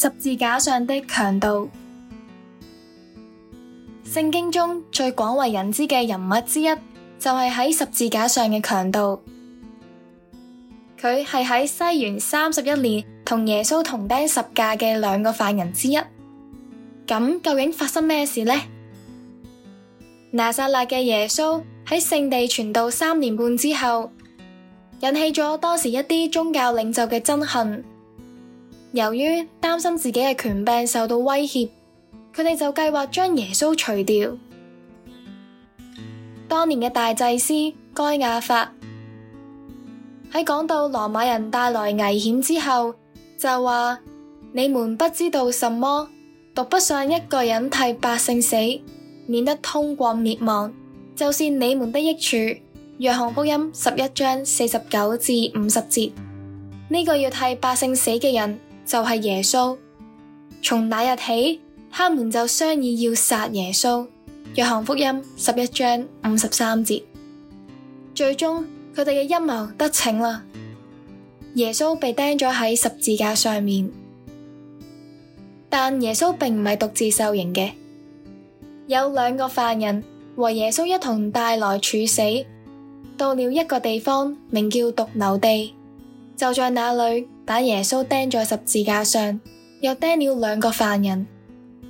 十字架上的強盜，聖經中最廣為人知嘅人物之一，就係喺十字架上嘅強盜。佢係喺西元三十一年同耶穌同釘十架嘅兩個犯人之一。咁究竟發生咩事呢？拿撒勒嘅耶穌喺聖地傳道三年半之後，引起咗當時一啲宗教領袖嘅憎恨。由於擔心自己嘅權柄受到威脅，佢哋就計劃將耶穌除掉。當年嘅大祭司該亞法喺講到羅馬人帶來危險之後，就話：你們不知道什麼，獨不想一個人替百姓死，免得通國滅亡，就是你們的益處。約翰福音十一章四十九至五十節，呢、這個要替百姓死嘅人。就係耶穌，從那日起，他們就商議要殺耶穌。約翰福音十一章五十三節。最終，佢哋嘅陰謀得逞啦，耶穌被釘咗喺十字架上面。但耶穌並唔係獨自受刑嘅，有兩個犯人和耶穌一同帶來處死，到了一個地方，名叫髑髏地。就在那裏，把耶穌釘在十字架上，又釘了兩個犯人，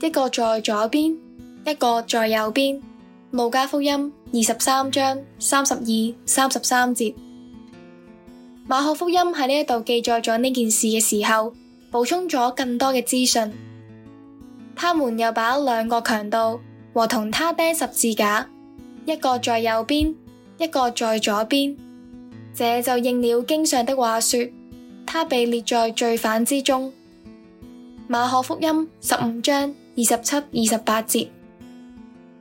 一個在左邊，一個在右邊。路加福音二十三章三十二、三十三節。馬可福音喺呢一度記載咗呢件事嘅時候，補充咗更多嘅資訊。他們又把兩個強盜和同他釘十字架，一個在右邊，一個在左邊。這就應了經上的話說，他被列在罪犯之中。馬可福音十五章二十七、二十八節。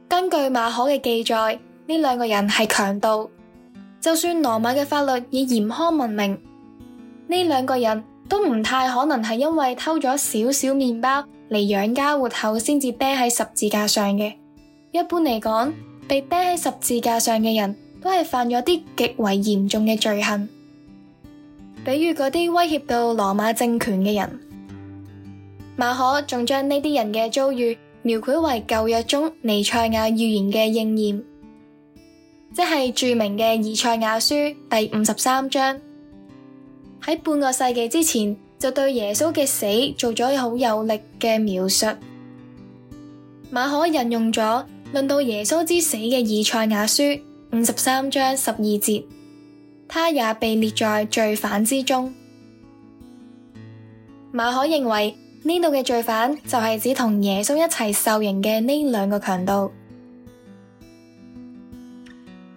根據馬可嘅記載，呢兩個人係強盜。就算羅馬嘅法律以嚴苛聞名，呢兩個人都唔太可能係因為偷咗少少麵包嚟養家活口先至釘喺十字架上嘅。一般嚟講，被釘喺十字架上嘅人，都係犯咗啲極為嚴重嘅罪行，比如嗰啲威脅到羅馬政權嘅人。馬可仲將呢啲人嘅遭遇描繪為舊約中彌賽亞預言嘅應驗，即係著名嘅《以賽亞書》第五十三章，喺半個世紀之前就對耶穌嘅死做咗好有力嘅描述。馬可引用咗論到耶穌之死嘅《以賽亞書》。五十三章十二節，他也被列在罪犯之中。馬可認為呢度嘅罪犯就係指同耶穌一齊受刑嘅呢兩個強盜。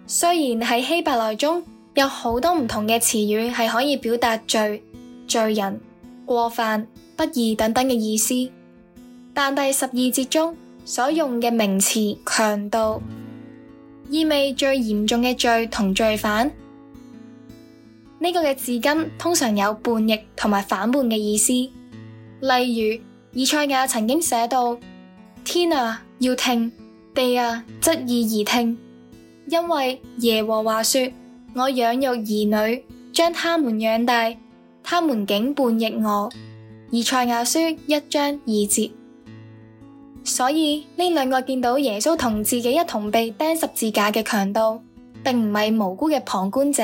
雖然喺希伯來中有好多唔同嘅詞語係可以表達罪、罪人、過犯、不義等等嘅意思，但第十二節中所用嘅名詞強盜」。意味最嚴重嘅罪同罪犯呢、這個嘅字根通常有叛逆同埋反叛嘅意思。例如，以賽亞曾經寫道：天啊，要聽；地啊，側耳而聽。因為耶和華說：我養育兒女，將他們養大，他們竟叛逆我。以賽亞書一章二節。所以呢兩個見到耶穌同自己一同被釘十字架嘅強盜，並唔係無辜嘅旁觀者，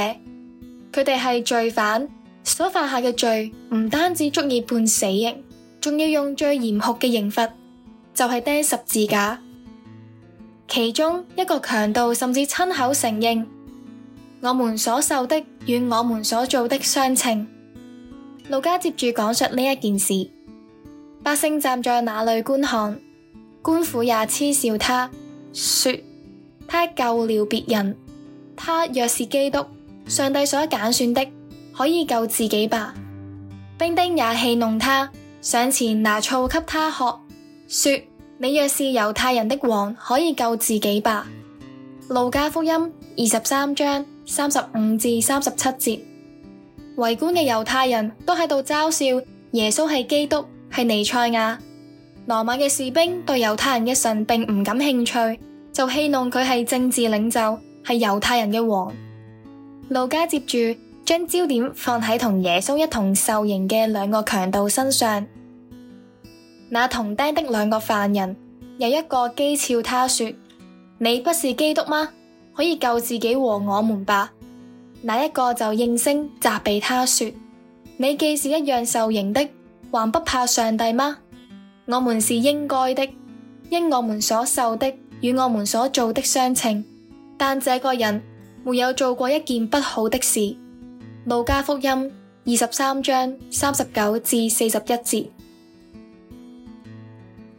佢哋係罪犯所犯下嘅罪，唔單止足以判死刑，仲要用最嚴酷嘅刑罰，就係、是、釘十字架。其中一個強盜甚至親口承認：我們所受的與我們所做的相稱。路加接住講述呢一件事，百姓站在那裏觀看。官府也嗤笑他，說：他救了別人，他若是基督，上帝所揀選的，可以救自己吧。兵丁也戲弄他，上前拿醋給他喝，說：你若是猶太人的王，可以救自己吧。路加福音二十三章三十五至三十七節，圍觀嘅猶太人都喺度嘲笑耶穌係基督，係彌賽亞。羅馬嘅士兵對猶太人嘅神並唔感興趣，就戲弄佢係政治領袖，係猶太人嘅王。路加接住將焦點放喺同耶穌一同受刑嘅兩個強盜身上。那同釘的兩個犯人，有一個譏笑他說：你不是基督嗎？可以救自己和我們吧？那一個就應聲責備他說：你既是一樣受刑的，還不怕上帝嗎？我們是應該的，因我們所受的與我們所做的相稱。但這個人沒有做過一件不好的事。路加福音二十三章三十九至四十一節，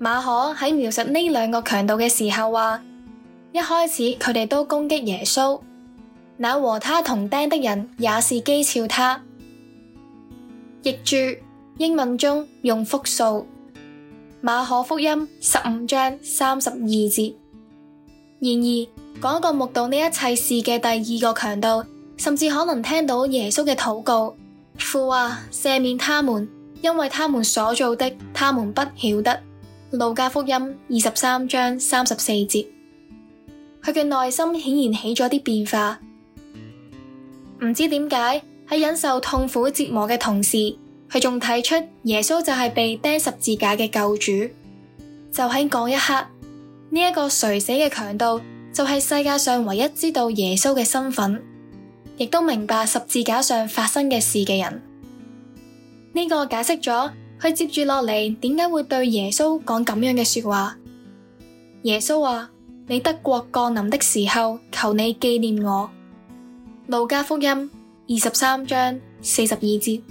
馬可喺描述呢兩個強盜嘅時候話：一開始佢哋都攻擊耶穌，那和他同釘的人也是譏誚他。譯注：英文中用複數。馬可福音十五章三十二節。然而，講一個目睹呢一切事嘅第二個強盜，甚至可能聽到耶穌嘅禱告：父啊，赦免他們，因為他們所做的，他們不曉得。路加福音二十三章三十四節。佢嘅內心顯然起咗啲變化，唔知點解喺忍受痛苦折磨嘅同時。佢仲睇出耶穌就係被釘十字架嘅救主，就喺嗰一刻，呢個垂死嘅強盜就係世界上唯一知道耶穌嘅身份，亦都明白十字架上發生嘅事嘅人。呢個解釋咗佢接住落嚟點解會對耶穌講咁樣嘅說話。耶穌話：你得國降臨的時候，求你紀念我。路加福音二十三章四十二節。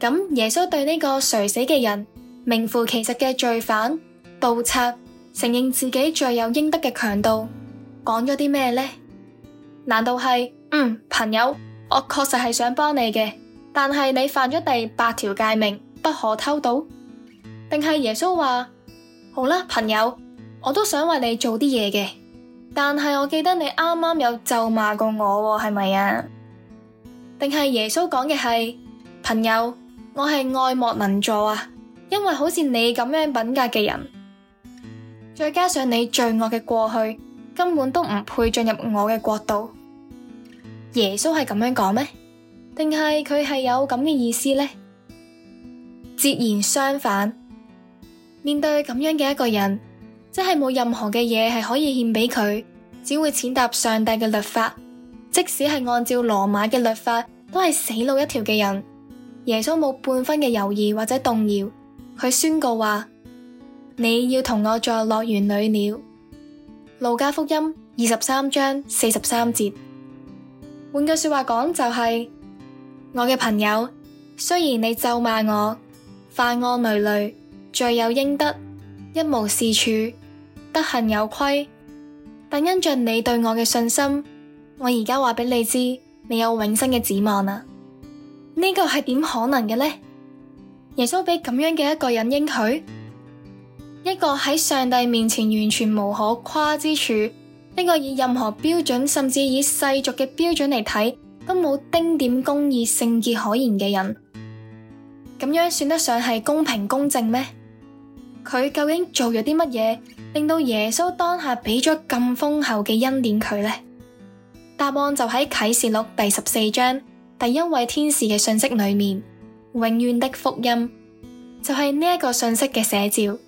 咁耶穌對呢個垂死嘅人，名副其實嘅罪犯、盜賊，承認自己罪有應得嘅強盜，講咗啲咩呢？難道係嗯朋友，我確實係想幫你嘅，但係你犯咗第八條誡命，不可偷盜？定係耶穌話好啦，朋友，我都想為你做啲嘢嘅，但係我記得你啱啱有咒罵過我，係咪啊？定係耶穌講嘅係朋友？我係愛莫能助啊，因為好似你咁樣品格嘅人，再加上你罪惡嘅過去，根本都唔配進入我嘅國度。耶穌係咁樣講咩？定係佢係有咁嘅意思呢？截然相反，面對咁樣嘅一個人，即係冇任何嘅嘢，係可以獻畀佢，只會踐踏上帝嘅律法。即使係按照羅馬嘅律法，都係死路一條嘅人。耶穌冇半分嘅猶豫或者動搖，佢宣告話：你要同我作樂園裏了。路加福音二十三章四十三節。換句話說話講就係、是：我嘅朋友，雖然你咒罵我、犯案累累、罪有應得、一無是處、德行有虧，但因着你對我嘅信心，我而家話俾你知，你有永生嘅指望啦。呢個係點可能嘅呢？耶穌俾咁樣嘅一個人應許，一個喺上帝面前完全無可誇之處，一個以任何標準，甚至以世俗嘅標準嚟睇都冇丁點公義聖潔可言嘅人，咁樣算得上係公平公正咩？佢究竟做咗啲乜嘢，令到耶穌當下俾咗咁豐厚嘅恩典佢呢？答案就喺啟示錄第十四章。第一位天使嘅信息裏面，永遠的福音，就係呢個信息嘅寫照。